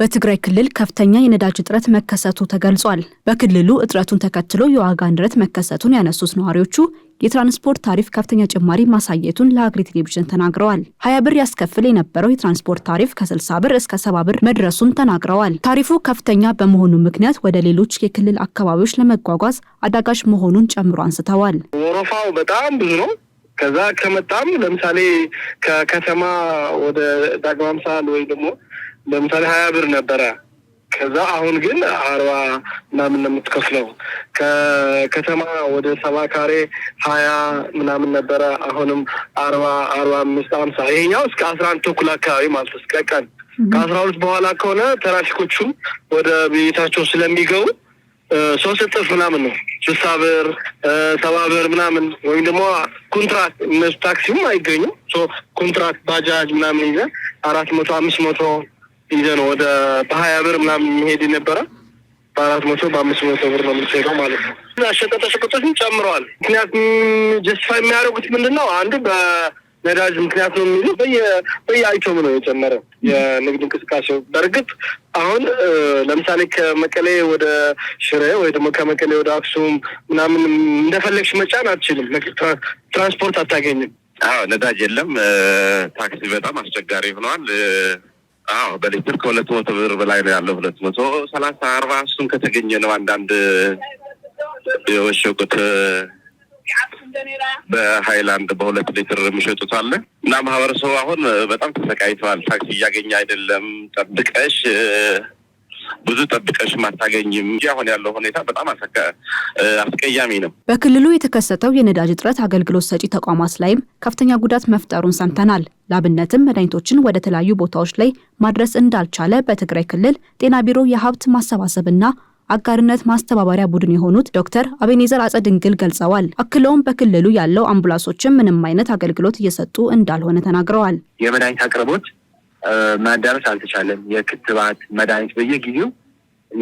በትግራይ ክልል ከፍተኛ የነዳጅ እጥረት መከሰቱ ተገልጿል። በክልሉ እጥረቱን ተከትሎ የዋጋ ንረት መከሰቱን ያነሱት ነዋሪዎቹ የትራንስፖርት ታሪፍ ከፍተኛ ጭማሪ ማሳየቱን ለሀገሬ ቴሌቪዥን ተናግረዋል። ሀያ ብር ያስከፍል የነበረው የትራንስፖርት ታሪፍ ከ60 ብር እስከ ሰባ ብር መድረሱን ተናግረዋል። ታሪፉ ከፍተኛ በመሆኑ ምክንያት ወደ ሌሎች የክልል አካባቢዎች ለመጓጓዝ አዳጋች መሆኑን ጨምሮ አንስተዋል። ወረፋው በጣም ብዙ ነው። ከዛ ከመጣም ለምሳሌ ከከተማ ወደ ዳግማምሳል ወይ ደግሞ ለምሳሌ ሀያ ብር ነበረ። ከዛ አሁን ግን አርባ ምናምን ነው የምትከፍለው። ከከተማ ወደ ሰባ ካሬ ሀያ ምናምን ነበረ። አሁንም አርባ አርባ አምስት አምሳ ይሄኛው እስከ አስራ አንድ ተኩል አካባቢ ማለት እስከ ቀን ከአስራ ሁለት በኋላ ከሆነ ትራፊኮቹም ወደ ቤታቸው ስለሚገቡ ሶስት እጥፍ ምናምን ነው ስልሳ ብር ሰባ ብር ምናምን ወይም ደግሞ ኮንትራት ታክሲም አይገኙም። ኮንትራት ባጃጅ ምናምን ይዘ አራት መቶ አምስት መቶ ይዘህ ነው ወደ በሀያ ብር ምናምን የሚሄድ ነበረ። በአራት መቶ በአምስት መቶ ብር ነው የምትሄደው ማለት ነው። ሸቀጣ ሸቀጦችን ጨምረዋል። ምክንያት ጀስቲፋይ የሚያደርጉት ምንድን ነው? አንዱ በነዳጅ ምክንያት ነው የሚሉ በየአይቶም ነው የጨመረ የንግድ እንቅስቃሴው። በእርግጥ አሁን ለምሳሌ ከመቀሌ ወደ ሽሬ ወይ ደግሞ ከመቀሌ ወደ አክሱም ምናምን እንደፈለግሽ መጫን አትችልም። ትራንስፖርት አታገኝም። አዎ ነዳጅ የለም። ታክሲ በጣም አስቸጋሪ ሆነዋል። አዎ በሌትር ከሁለት መቶ ብር በላይ ነው ያለው። ሁለት መቶ ሰላሳ አርባ እሱም ከተገኘ ነው። አንዳንድ የወሸቁት በሀይላንድ በሁለት ሊትር የሚሸጡት አለ እና ማህበረሰቡ አሁን በጣም ተሰቃይተዋል። ታክሲ እያገኘ አይደለም ጠብቀሽ ብዙ ጠብቀሽም አታገኝም። አሁን ያለው ሁኔታ በጣም አስቀያሚ ነው። በክልሉ የተከሰተው የነዳጅ እጥረት አገልግሎት ሰጪ ተቋማት ላይም ከፍተኛ ጉዳት መፍጠሩን ሰምተናል። ለአብነትም መድኃኒቶችን ወደ ተለያዩ ቦታዎች ላይ ማድረስ እንዳልቻለ በትግራይ ክልል ጤና ቢሮ የሀብት ማሰባሰብና አጋርነት ማስተባበሪያ ቡድን የሆኑት ዶክተር አቤኔዘር አጸ ድንግል ገልጸዋል። አክለውም በክልሉ ያለው አምቡላንሶችን ምንም አይነት አገልግሎት እየሰጡ እንዳልሆነ ተናግረዋል። የመድኃኒት አቅርቦት ማዳረስ አልተቻለም። የክትባት መድኃኒት በየጊዜው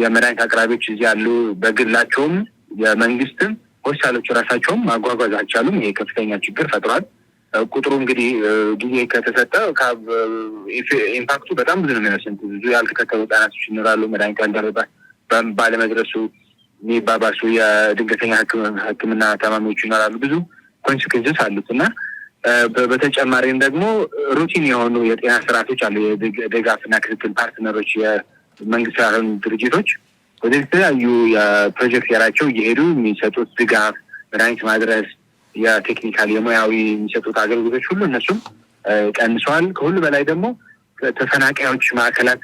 የመድኃኒት አቅራቢዎች እዚህ ያሉ በግላቸውም የመንግስትም ሆስፒታሎች ራሳቸውም ማጓጓዝ አልቻሉም። ይሄ ከፍተኛ ችግር ፈጥሯል። ቁጥሩ እንግዲህ ጊዜ ከተሰጠ ኢምፓክቱ በጣም ብዙ ነው የሚመስል ብዙ ያልተከተሉ ህጻናቶች ይኖራሉ። መድኃኒት ያልደረባ ባለመድረሱ የሚባባሱ የድንገተኛ ሕክምና ታማሚዎች ይኖራሉ። ብዙ ኮንስኩንስስ አሉት እና በተጨማሪም ደግሞ ሩቲን የሆኑ የጤና ስርዓቶች አሉ። የድጋፍና ክትትል ፓርትነሮች፣ የመንግስት ያልሆኑ ድርጅቶች ወደ ተለያዩ የፕሮጀክት ያላቸው እየሄዱ የሚሰጡት ድጋፍ፣ መድኃኒት ማድረስ፣ የቴክኒካል የሙያዊ የሚሰጡት አገልግሎቶች ሁሉ እነሱም ቀንሰዋል። ከሁሉ በላይ ደግሞ ተፈናቃዮች ማዕከላት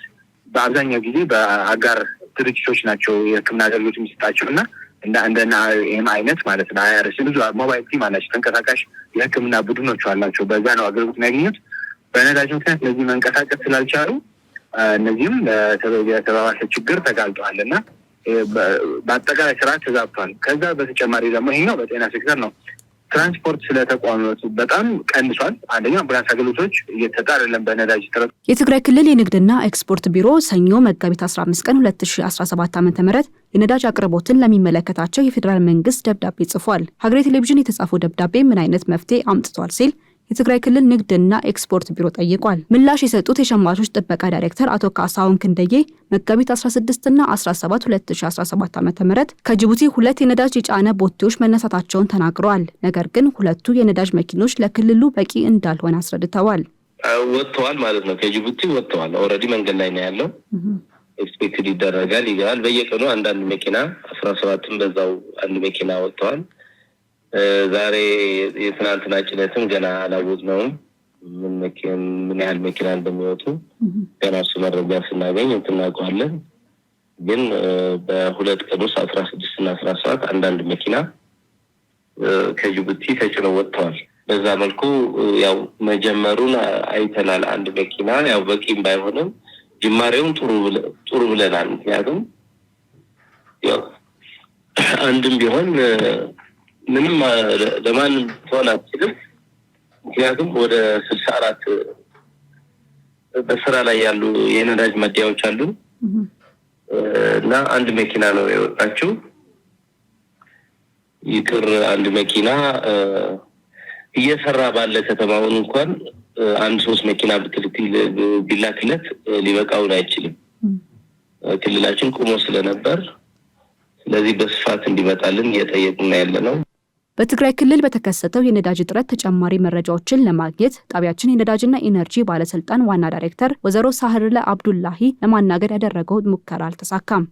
በአብዛኛው ጊዜ በአጋር ድርጅቶች ናቸው የህክምና አገልግሎት የሚሰጣቸው እና እና እንደና ይህም አይነት ማለት ነው አይአርሲ ብዙ ሞባይል ቲም አላቸው ተንቀሳቃሽ የህክምና ቡድኖች አላቸው። በዛ ነው አገልግሎት የሚያገኙት። በነዳጅ ምክንያት እነዚህ መንቀሳቀስ ስላልቻሉ እነዚህም ለተባባሰ ችግር ተጋልጠዋል እና በአጠቃላይ ስርዓት ተዛብቷል። ከዛ በተጨማሪ ደግሞ ይሄኛው በጤና ሴክተር ነው ትራንስፖርት ስለተቋመጡ በጣም ቀንሷል። አንደኛ አምቡላንስ አገልግሎቶች እየተጣ አይደለም በነዳጅ ጥረት። የትግራይ ክልል የንግድና ኤክስፖርት ቢሮ ሰኞ መጋቢት 15 ቀን 2017 ዓ ም የነዳጅ አቅርቦትን ለሚመለከታቸው የፌዴራል መንግስት ደብዳቤ ጽፏል። ሀገሬ ቴሌቪዥን የተጻፈው ደብዳቤ ምን አይነት መፍትሄ አምጥቷል ሲል የትግራይ ክልል ንግድና ኤክስፖርት ቢሮ ጠይቋል። ምላሽ የሰጡት የሸማቾች ጥበቃ ዳይሬክተር አቶ ካሳሁን ክንደዬ መጋቢት 16ና 17 2017 ዓ ም ከጅቡቲ ሁለት የነዳጅ የጫነ ቦቴዎች መነሳታቸውን ተናግረዋል። ነገር ግን ሁለቱ የነዳጅ መኪኖች ለክልሉ በቂ እንዳልሆነ አስረድተዋል። ወጥተዋል ማለት ነው። ከጅቡቲ ወጥተዋል። ኦልሬዲ መንገድ ላይ ነው ያለው። ኤክስፔክትድ ይደረጋል ይገባል። በየቀኑ አንዳንድ መኪና አስራ ሰባትም በዛው አንድ መኪና ወጥተዋል። ዛሬ የትናንትና ጭነትም ገና አላወቅነውም። ምን ያህል መኪና እንደሚወጡ ገና እሱ መረጃ ስናገኝ እንትናውቀዋለን። ግን በሁለት ቀን ውስጥ አስራ ስድስት እና አስራ ሰባት አንዳንድ መኪና ከጅቡቲ ተጭነው ወጥተዋል። በዛ መልኩ ያው መጀመሩን አይተናል። አንድ መኪና ያው በቂም ባይሆንም ጅማሬውን ጥሩ ብለናል። ምክንያቱም ያው አንድም ቢሆን ምንም ለማንም ትሆን አትችልም። ምክንያቱም ወደ ስልሳ አራት በስራ ላይ ያሉ የነዳጅ ማደያዎች አሉ እና አንድ መኪና ነው የወጣችው። ይቅር አንድ መኪና እየሰራ ባለ ከተማውን እንኳን አንድ ሶስት መኪና ቢላክለት ሊበቃውን አይችልም። ክልላችን ቁሞ ስለነበር ስለዚህ በስፋት እንዲመጣልን እየጠየቅና ያለ ነው። በትግራይ ክልል በተከሰተው የነዳጅ እጥረት ተጨማሪ መረጃዎችን ለማግኘት ጣቢያችን የነዳጅና ኢነርጂ ባለስልጣን ዋና ዳይሬክተር ወይዘሮ ሳህርለ አብዱላሂ ለማናገር ያደረገው ሙከራ አልተሳካም።